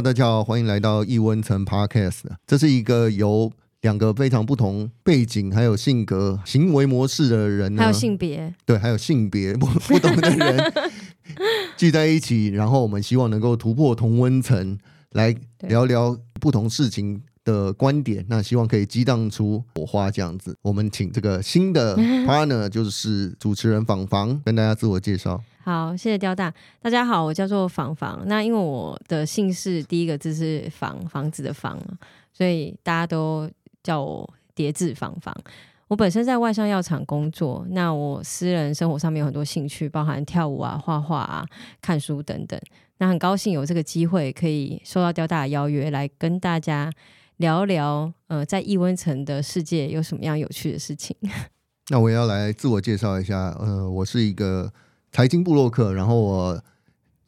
大家好，歡迎來到異溫層 Podcast。這是一個由兩個非常不同背景、還有性格、行為模式的人還，還有性別，對，還有性別不不同的人 聚在一起，然後我們希望能夠突破同溫層，來聊聊不同事情。的觀點，那希望可以激盪出火花這樣子。我們請這個新的 partner，就是主持人房房，跟大家自我介紹。好，謝謝雕大，大家好，我叫做房房。那因為我的姓氏第一個字是房，房子的房，所以大家都叫我疊字房房。我本身在外商藥廠工作，那我私人生活上面有很多興趣，包含跳舞啊、畫畫啊、看書等等。那很高興有這個機會，可以受到雕大的邀約來跟大家。聊聊呃，在異溫層的世界有什麼樣有趣的事情？那我要來自我介紹一下，呃，我是一個財經部落客，然後我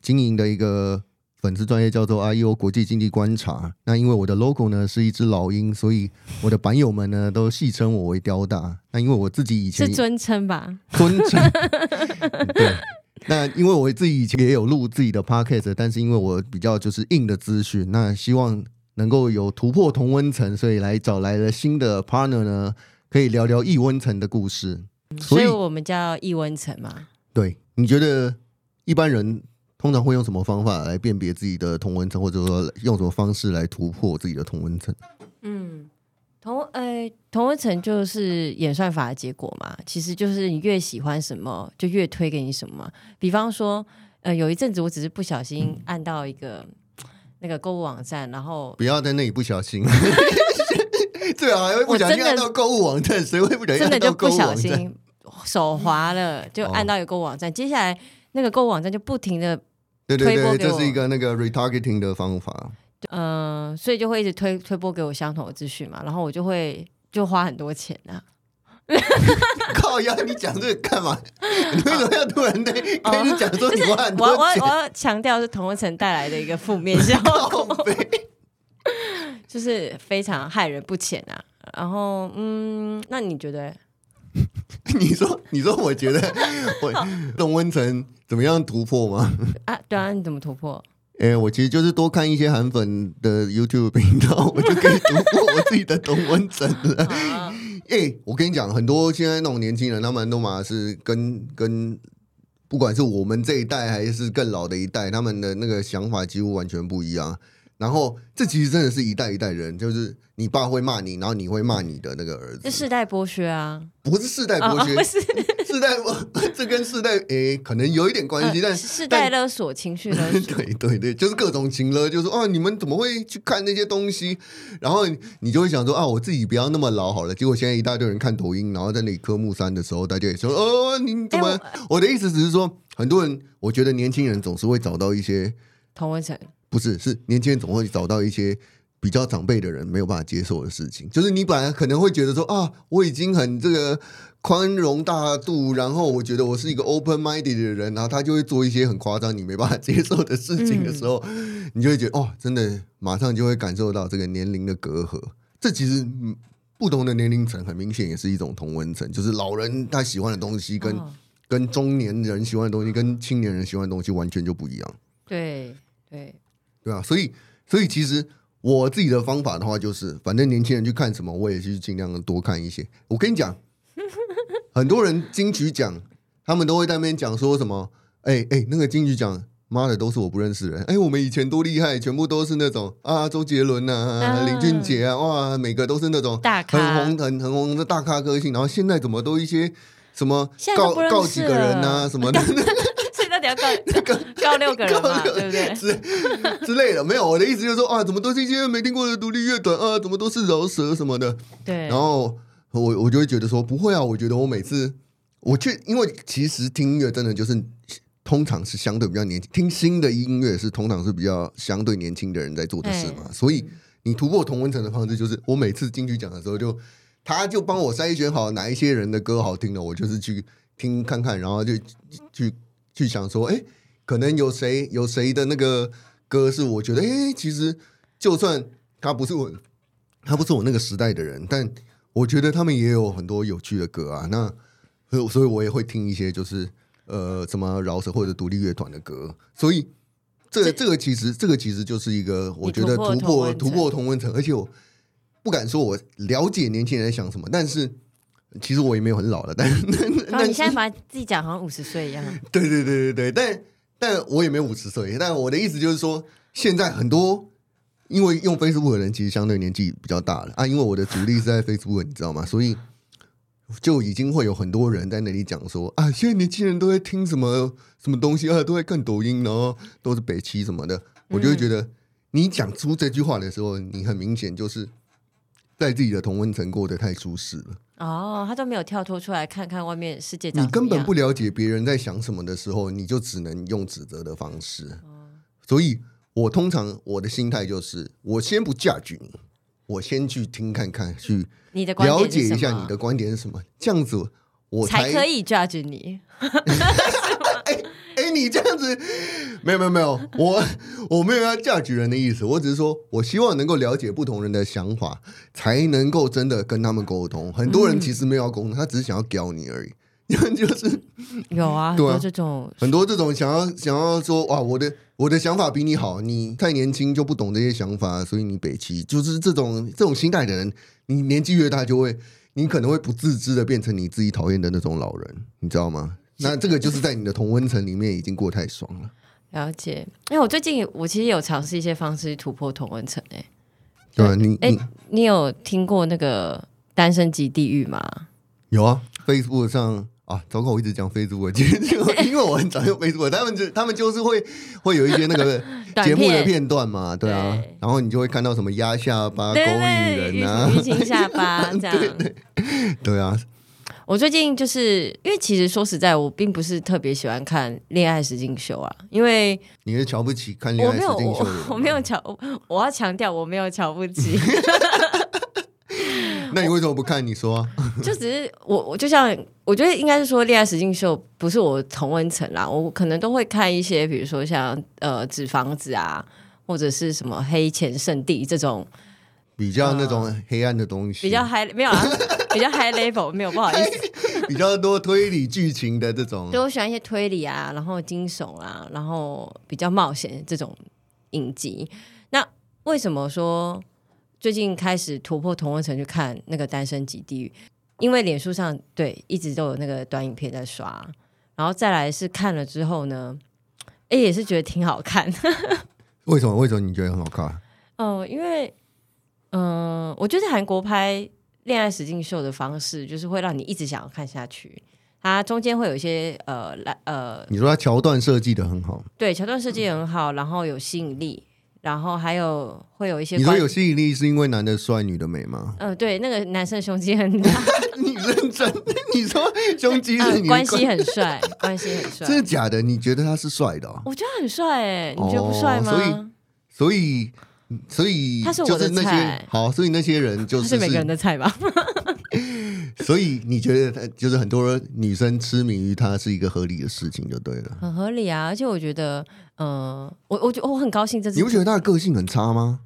經營的一個粉絲專頁叫做 I E O 國際經濟觀察。那因為我的 logo 呢是一隻老鷹，所以我的版友們呢都戲稱我為雕大。那因為我自己以前是尊稱吧，尊稱稱。 對，那因為我自己以前也有錄自己的 podcast，但是因為我比較就是硬的資訊，那希望，能夠有突破同溫層，所以來找來了新的 partner 呢，可以聊聊異溫層的故事，嗯。所以我們叫異溫層嘛。對，你覺得一般人通常會用什麼方法來辨別自己的同溫層，或者說用什麼方式來突破自己的同溫層？嗯，同誒、呃、同溫層就是演算法的結果嘛，其實就是你越喜歡什麼，就越推給你什麼。比方說，呃，有一陣子我只是不小心按到一個、嗯。那個購物網站，然後不要在那裡不小心， 對啊，還會不小心按到購物網站，誰 的會不小心？真的就不小心手滑了，就按到一個購物網站，哦、接下來那個購物網站就不停的推播給我，對對對，這是一個那個 retargeting 的方法，嗯、呃，所以就會一直推推播給我相同的資訊嘛，然後我就會就花很多錢吶、啊。 靠！要你講這個幹嘛？好你為什麼要突然的跟你講這你多、哦我？我我要強調是同溫層帶來的一個負面效果，北就是非常害人不淺啊。然後，嗯，那你覺得？ 你說，你說，我覺得我同溫層怎麼樣突破嗎？啊，對啊，你怎麼突破？哎、欸，我其實就是多看一些韓粉的 YouTube 頻道，我就可以突破我自己的同溫層了。 哎、欸，我跟你講，很多現在那種年輕人，他們都嘛是跟跟，不管是我們這一代還是更老的一代，他們的那個想法幾乎完全不一樣。然後，這其實真的是一代一代人，就是你爸會罵你，然後你會罵你的那個兒子，是世代剝削啊，不是世代剝削，哦哦、不是 世代，這跟世代誒、欸、可能有一點關係，呃、但是世代勒索但情緒勒索 對對對，就是各種情勒，就是哦、啊，你們怎麼會去看那些東西？然後你就會想說啊，我自己不要那麼老好了。結果現在一大堆人看抖音，然後在那裡科目三的時候，大家也說哦，你怎麼？欸、我，我的意思只是說，很多人，我覺得年輕人總是會找到一些同溫層。不是，是年輕人總會找到一些比較長輩的人沒有辦法接受的事情。就是你本來可能會覺得說啊，我已經很這個寬容大度，然後我覺得我是一個 open-minded 的人，然後他就會做一些很誇張你沒辦法接受的事情的時候，嗯、你就會覺得哦，真的馬上就會感受到這個年齡的隔閡。這其實不同的年齡層很明顯也是一種同溫層，就是老人他喜歡的東西跟、哦、跟中年人喜歡的東西跟青年人喜歡的東西完全就不一樣。對對。對對吧？所以，所以其實我自己的方法的話，就是反正年輕人去看什麼，我也是去儘量多看一些。我跟你講，很多人金曲獎，他們都會在那邊講說什麼？哎、欸、哎、欸，那個金曲獎，媽的，都是我不認識的人。哎、欸，我們以前多厲害，全部都是那種啊，周杰倫啊，林俊傑啊，哇，每個都是那種很紅很很紅的大咖歌星。然後現在怎麼都一些什麼告告幾個人吶、啊、什麼的？ 那點要 六個人嘛，對不是之類的，沒有我的意思就是說，啊，怎麼都是一些沒聽過的獨立樂團啊，怎麼都是饒舌什麼的。對，然後我我就會覺得說不會啊，我覺得我每次我去，因為其實聽音樂真的就是，通常是相對比較年輕，聽新的音樂是通常是比較相對年輕的人在做的事嘛。嘿所以你突破同溫層的方式就是，我每次進去講的時候就，就他就幫我篩選好哪一些人的歌好聽的，我就是去聽看看，然後就去。去想說，哎，可能有誰有誰的那個歌是我覺得，哎，其實就算他不是我，他不是我那個時代的人，但我覺得他們也有很多有趣的歌啊。那所以，我也會聽一些，就是呃，什麼饒舌或者獨立樂團的歌。所以，這個、這個其實，這個其實就是一個，我覺得突破突破同溫層，而且我不敢說我了解年輕人在想什麼，但是。其實我也沒有很老了，但、哦、但但是你現在把自己講好像五十歲一樣。對對對對對，但但我也沒有五十歲。但我的意思就是說，現在很多因為用 Facebook 的人其實相對年紀比較大了啊，因為我的主力是在 Facebook，你知道嗎？所以就已經會有很多人在那裡講說啊，現在年輕人都在聽什麼什麼東西啊，都在看抖音，然後都是北七什麼的。我就會覺得，你講出這句話的時候，你很明顯就是在自己的同溫層過得太舒適了。哦，他都沒有跳脫出來看看外面世界怎麼樣。你根本不了解別人在想什麼的時候，你就只能用指責的方式。哦、所以，我通常我的心態就是，我先不 judge 你，我先去聽看看，去了解一下你的觀點是什麼。這樣子，我才可以 judge 你。哎哎，你這樣子，沒有沒有沒有，我我沒有要 judge 人的意思，我只是說，我希望能夠了解不同人的想法，才能夠真的跟他們溝通。很多人其實沒有要溝通，嗯、他只是想要教你而已。 就是有啊，很多、啊、這種，很多這種想要想要說，哇，我的我的想法比你好，你太年輕就不懂這些想法，所以你北七就是這種這種心態的人，你年紀越大就會，你可能會不自知的變成你自己討厭的那種老人，你知道嗎？那這個就是在你的同溫層裡面已經過太爽了、嗯。了解，因為我最近我其實有嘗試一些方式突破同溫層誒。對，對你誒，欸、你有聽過那個單身即地獄嗎？有啊，Facebook 上啊，糟糕，我一直講 Facebook，因為因為我很常用 Facebook，< 對 S 1> 他們就他們就是會會有一些那個節目的片段嘛， 短片 對啊，然後你就會看到什麼壓下巴、勾引人啊、淤青下巴這樣， 對，對，對，對啊。我最近就是因為，其實說實在，我並不是特別喜歡看《戀愛實境秀》啊，因為你是瞧不起看《戀愛實境秀》有沒有？我沒有瞧，我，我要強調我沒有瞧不起。 那你為什麼不看？你說就只是我，我就像我覺得應該是說《戀愛實境秀》不是我同溫層啦，我可能都會看一些，比如說像呃紙房子啊，或者是什麼黑錢勝地這種比較那種黑暗的東西，呃、比較嗨沒有。 比較 high level 沒有，不好意思，high, 比較多推理劇情的這種。 對，我喜歡一些推理啊，然後驚悚啊，然後比較冒險這種影集。那為什麼說最近開始突破同溫層去看那個《單身即地獄》？因為臉書上對一直都有那個短影片在刷，然後再來是看了之後呢，哎、欸、也是覺得挺好看。 為什麼為什麼你覺得很好看？嗯、哦，因為嗯、呃，我覺得韓國拍。戀愛實境秀的方式，就是會讓你一直想要看下去。它中間會有一些呃，來呃，你說它橋段設計得很好，對，橋段設計很好，嗯、然後有吸引力，然後還有會有一些，你說有吸引力是因為男的帥，女的美嗎？嗯、呃，對，那個男生胸肌很大，女生 真，你說胸肌是的關、呃、關係很帥，關係很帥， 真的假的？你覺得他是帥的？哦。我覺得很帥，欸，你覺得不帥嗎？哦、所以，所以。所以就是那些，他是我的菜好，所以那些人就是，是，是每個人的菜吧。 所以你覺得，就是很多女生痴迷於他是一個合理的事情，就對了。很合理啊，而且我覺得，嗯、呃，我我我我很高興這次。你不覺得他的個性很差嗎？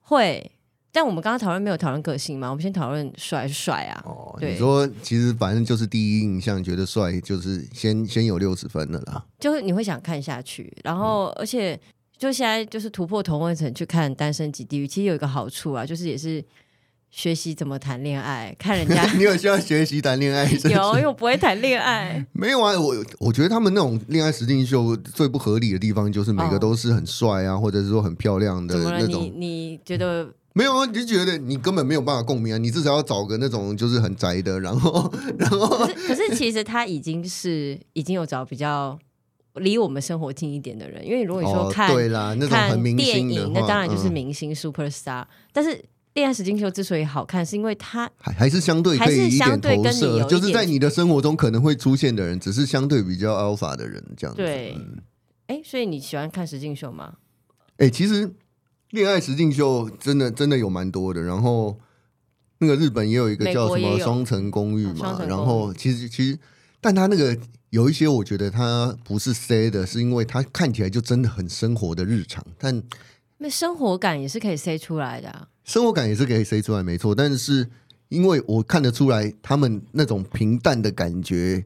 會，但我們剛剛討論沒有討論個性嘛？我們先討論帥是帥啊。哦，對你說其實反正就是第一印象，覺得帥就是先先有六十分的啦。就是你會想看下去，然後、嗯、而且。就現在，就是突破同溫層去看《單身即地獄》，其實有一個好處啊，就是也是學習怎麼談戀愛。看人家， 你有需要學習談戀愛？是是有，因為我不會談戀愛、嗯。沒有啊，我我覺得他們那種戀愛實境秀最不合理的地方，就是每個都是很帥啊，哦、或者是說很漂亮的那種。你,你覺得、嗯、沒有啊？你覺得你根本沒有辦法共鳴啊？你至少要找個那種就是很宅的，然後然後可。可是其實他已經是 已經有找比較。離我們生活近一點的人，因為如果你說看、哦、對啦，那種很明星的，那當然就是明星、嗯、super star。但是《戀愛實境秀》之所以好看，是因為它還還是相對可以一點投射，是就是在你的生活中可能會出現的人，只是相對比較 alpha 的人這樣子。對、嗯，所以你喜歡看實境秀嗎？哎，其實《戀愛實境秀》真的真的有蠻多的。然後那個日本也有一個叫什麼雙、哦，《雙城公寓》嘛。然後其實其實。其實但他那個有一些，我覺得他不是塞的，是因為他看起來就真的很生活的日常。但那生活感也是可以塞出來的、啊，生活感也是可以塞出來，沒錯。但是因為我看得出來，他們那種平淡的感覺，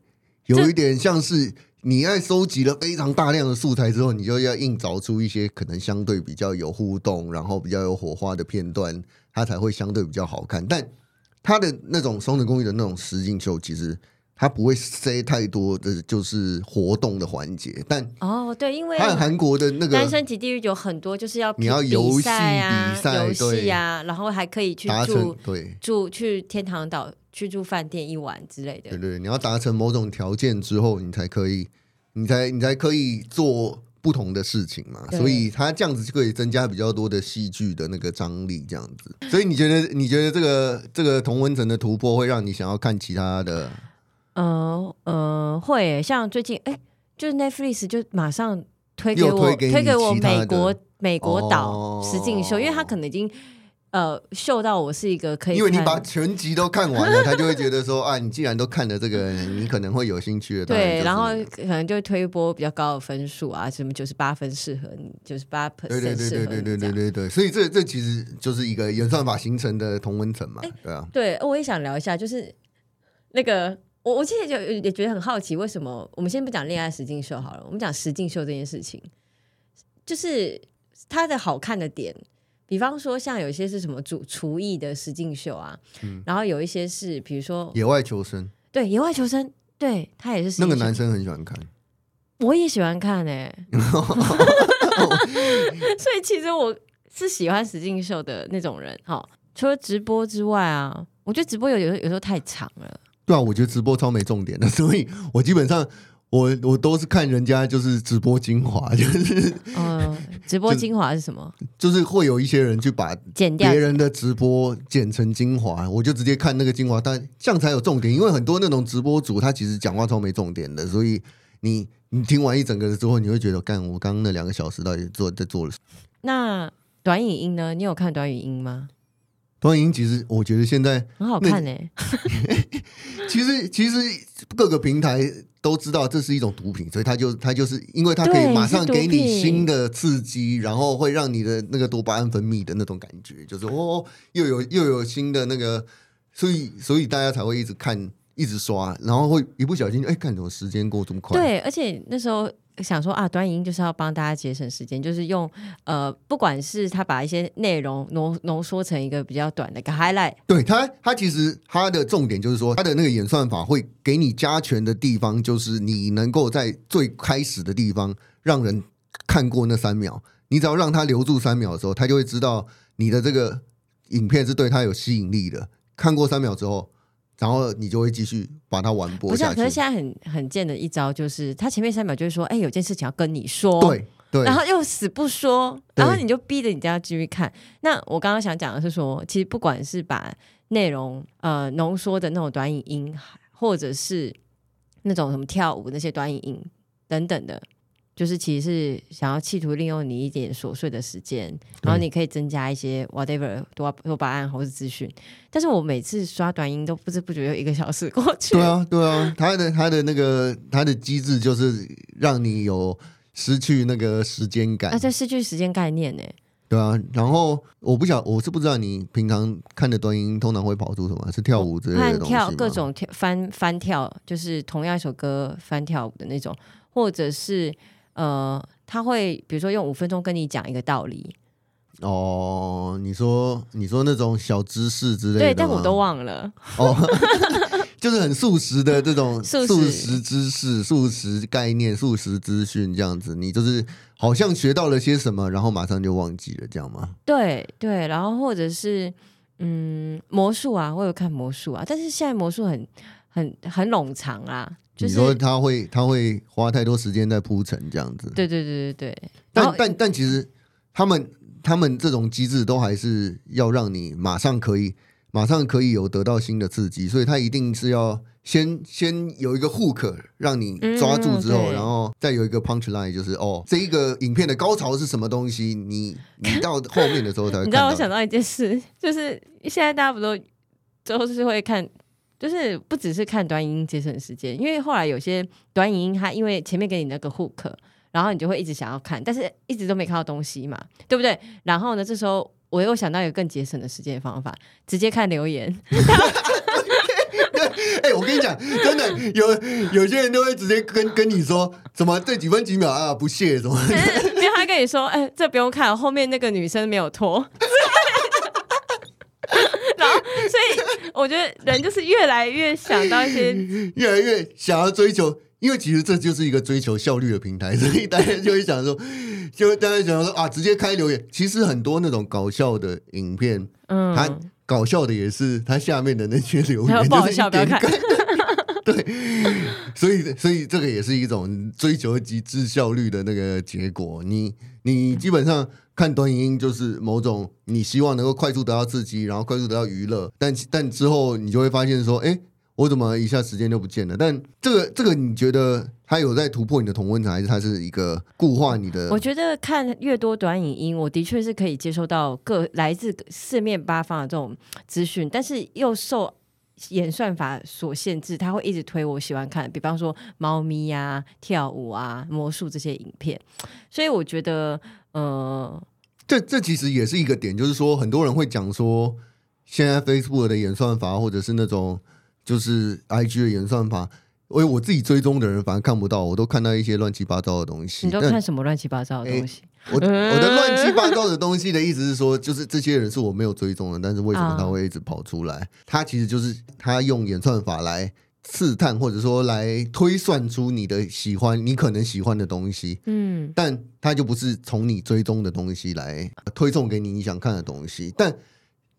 有一點像是你在收集了非常大量的素材之後，你就要硬找出一些可能相對比較有互動，然後比較有火花的片段，它才會相對比較好看。但他的那種雙層公寓的那種實境秀，其實。他不會塞太多的就是活動的環節，但哦對，因為還有韓國的那個《單身即地獄》有很多就是要比比賽、啊、你要遊戲比賽遊戲啊，對啊，然後還可以去住達成對住，去天堂島去住飯店一晚之類的，對對，你要達成某種條件之後，你才可以，你才你才可以做不同的事情嘛，對所以它這樣子就可以增加比較多的戲劇的那個張力，這樣子。所以你覺得你覺得這個這個同溫層的突破會讓你想要看其他的？嗯嗯，會像最近哎，就是 Netflix 就馬上推給我推給、推給我美國美國島實境、哦、秀，因為他可能已經呃秀到我是一個可以，因為你把全集都看完了， 他就會覺得說啊，你既然都看了這個，你可能會有興趣的。就是、對，然後可能就會推一波比較高的分數啊，什麼就是98分適合你，就是98分對對對對對對對對，所以這這其實就是一個演算法形成的同溫層嘛，誒對啊，對，我也想聊一下，就是那個。我我現在就也覺得很好奇，為什麼我們先不講戀愛實境秀好了，我們講實境秀這件事情，就是它的好看的點，比方說像有一些是什麼廚廚藝的實境秀啊，嗯，然後有一些是比如說野外求生，對，野外求生，對，他也是實境秀，那個男生很喜歡看，我也喜歡看哎、欸， 所以其實我是喜歡實境秀的那種人哈。除了直播之外啊，我覺得直播有有有時候太長了。對啊，我覺得直播超沒重點的，所以我基本上我我都是看人家就是直播精華，就是嗯、呃，直播精華是什麼？就，就是會有一些人去把別人的直播剪成精華，剪剪我就直接看那個精華，但這樣才有重點。因為很多那種直播主他其實講話超沒重點的，所以你你聽完一整個之後，你會覺得幹，我剛剛那兩個小時到底做在做了什麼？那短影音呢？你有看短影音嗎？歡迎，其實，我覺得現在很好看誒、欸。其實，其實各個平台都知道這是一種毒品，所以他就他就是因為他可以馬上給你新的刺激，然後會讓你的那個多巴胺分泌的那種感覺，就是哦，又有又有新的那個，所以所以大家才會一直看，一直刷，然後會一不小心就，哎，看怎麼時間過這麼快。對，而且那時候。想說啊，短影音就是要幫大家節省時間，就是用呃，不管是他把一些內容濃濃縮成一個比較短的，一個 highlight，對他，他其實他的重點就是說，他的那個演算法會給你加權的地方，就是你能夠在最開始的地方讓人看過那三秒，你只要讓他留住三秒的時候，他就會知道你的這個影片是對他有吸引力的。看過三秒之後。然後你就會繼續把它完播下去。不是，可是現在很很賤的一招就是，他前面三秒就是說，哎、欸，有件事情要跟你說，對，對。然後又死不說，對然後你就逼着人家繼續看。那我剛剛想講的是說，其實不管是把內容呃濃縮的那種短影音，或者是那種什麼跳舞那些短影音等等的。就是其實是想要企圖利用你一點瑣碎的時間，對然後你可以增加一些 whatever 多多巴胺或是資訊。但是我每次刷短音都不知不覺有一個小時過去。對啊，對啊，它的它的那個它的機制就是讓你有失去那個時間感，啊，在失去時間概念呢，欸，對啊。然後我不曉我是不知道你平常看的短音通常會跑出什麼？是跳舞之類的東西，跳各種跳翻、翻跳，就是同樣一首歌翻跳舞的那種，或者是。呃，他會比如說用五分鐘跟你講一個道理。哦，你說你說那種小知識之類的。對，但我都忘了。哦， 就是很速食的這種速食知識、速食,速食概念、速食資訊這樣子，你就是好像學到了些什麼，然後馬上就忘記了，這樣嗎？對對，然後或者是嗯，魔術啊，我有看魔術啊，但是現在魔術很很很冗長啊。你，就是，說他會，他會花太多時間在鋪陳這樣子。對對對對對。但後但但其實，他們他們這種機制都還是要讓你馬上可以馬上可以有得到新的刺激，所以他一定是要先先有一個 hook 讓你抓住之後，嗯 okay，然後再有一個 punch line，就是哦，這一個影片的高潮是什麼東西？你你到後面的時候才 你知道，我想到一件事，就是現在大家不都最後是會看，就是不只是看短影音節省時間，因為後來有些短影音它因為前面給你那個 hook，然後你就會一直想要看，但是一直都沒看到東西嘛，對不對？然後呢，這時候我又想到一個更節省的時間方法，直接看留言。哎、 欸，我跟你講，真的有有些人就會直接跟跟你說，怎麼這幾分幾秒啊不屑什麼？因為他跟你說，哎、欸，這不用看，後面那個女生沒有脫。我覺得人就是越來越想到一些、哎，越來越想要追求，因為其實這就是一個追求效率的平台，所以大家就會想說，就大家會想說啊，直接開留言。其實很多那種搞笑的影片，嗯，他搞笑的也是他下面的那些留言。不要笑，別看。對，所以所以這個也是一種追求極致效率的那個結果你。你你基本上看短影音，就是某種你希望能夠快速得到刺激，然後快速得到娛樂。但但之後你就會發現說，哎，我怎麼一下時間就不見了？但這個這個你覺得它有在突破你的同溫層，還是它是一個固化你的？我覺得看越多短影音，我的確是可以接受到各來自四面八方的這種資訊，但是又受。演算法所限制，他會一直推我喜歡看，比方說貓咪呀、啊、跳舞啊、魔術這些影片，所以我覺得，呃，這這其實也是一個點，就是說很多人會講說，現在 Facebook 的演算法或者是那種就是 IG 的演算法。我我自己追蹤的人，反而看不到我，我都看到一些亂七八糟的東西。你都看什麼亂七八糟的東西？欸、我我的亂七八糟的東西的意思是說，嗯、就是這些人是我沒有追蹤的， 但是為什麼他會一直跑出來？啊、他其實就是他用演算法來刺探，或者說來推算出你的喜歡，你可能喜歡的東西。嗯，但他就不是從你追蹤的東西來推送給你你想看的東西。但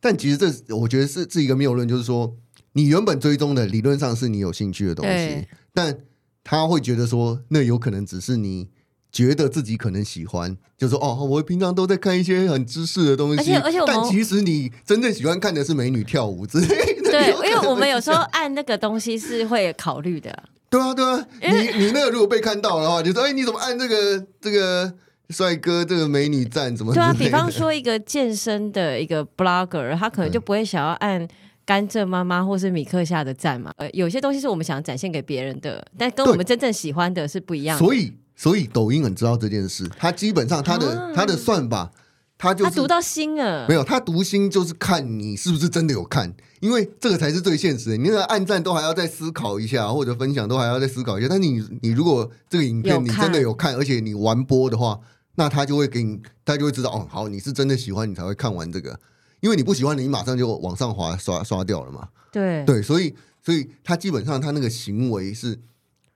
但其實這我覺得是是一個謬論，沒有就是說。你原本追蹤的理論上是你有興趣的東西，對但他會覺得說，那有可能只是你覺得自己可能喜歡，就是、說哦，我平常都在看一些很知識的東西，而且而且，而且我但其實你真正喜歡看的是美女跳舞之類的。 對， 因為我們有時候按那個東西是會考慮的、啊。對啊，對啊，為你你那個如果被看到的話，你說哎，你怎麼按這個這個帥哥這個美女讚怎麼對啊？比方說一個健身的一個 blogger，他可能就不會想要按。甘蔗媽媽或是米克下的讚嘛，呃，有些東西是我們想展現給別人的，但跟我們真正喜歡的是不一樣的。所以，所以抖音很知道這件事，他基本上他的、嗯、它的算法，他就是、它讀到心了，沒有他讀心就是看你是不是真的有看，因為這個才是最現實的。你那個暗讚都還要再思考一下，或者分享都還要再思考一下。但你你如果這個影片你真的有看，有看而且你完播的話，那他就會給你，它就會知道哦，好，你是真的喜歡，你才會看完這個。因為你不喜歡，你馬上就往上滑刷刷掉了嘛。對對，所以所以他基本上他那個行為是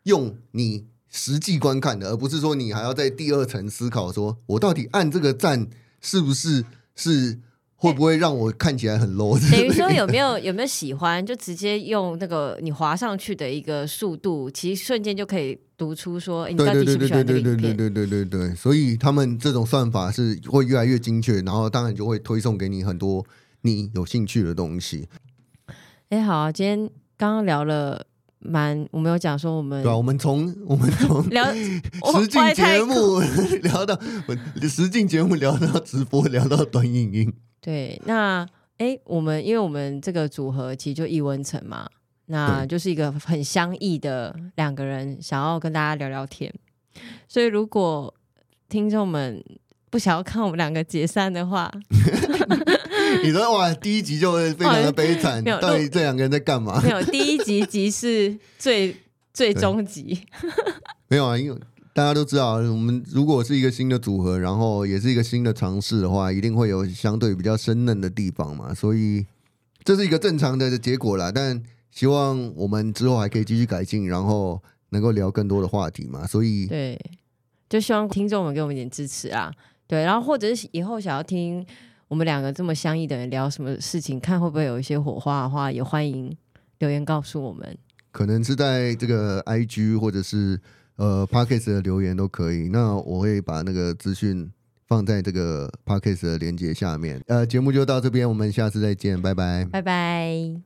用你實際觀看的，而不是說你還要在第二層思考，說我到底按這個讚是不是是。會不會讓我看起來很 low？等於說有沒有有沒有喜歡？就直接用那個你滑上去的一個速度，其實瞬間就可以讀出說欸，你到底喜不喜歡？對對對對對對對對對對對。所以他們這種算法是會越來越精確，然後當然就會推送給你很多你有興趣的東西。哎，好啊，今天剛剛聊了蠻，我們有講說我們對啊，我們從我們從聊實境節目聊到實境節目聊到直播，聊到短影音。對，那哎、欸，我們因為我們這個組合其實就異溫層嘛，那就是一個很相異的兩個人，想要跟大家聊聊天。所以如果聽眾們不想要看我們兩個解散的話， 你說哇，第一集就會非常的悲慘，到底這兩個人在幹嘛？沒有，第一集集是最最終集，沒有啊，因為。大家都知道，我們如果是一個新的組合，然後也是一個新的嘗試的話，一定會有相對比較生嫩的地方嘛。所以這是一個正常的結果啦，但希望我們之後還可以繼續改進，然後能夠聊更多的話題嘛。所以對，就希望聽眾們給我們一點支持啊。對，然後或者是以後想要聽我們兩個這麼相異的人聊什麼事情，看會不會有一些火花的話，也歡迎留言告訴我們。可能是在這個 IG 或者是。呃，podcast 的留言都可以，那我會把那個資訊放在這個 podcast 的連接下面。呃，節目就到這邊，我們下次再見，拜拜，拜拜。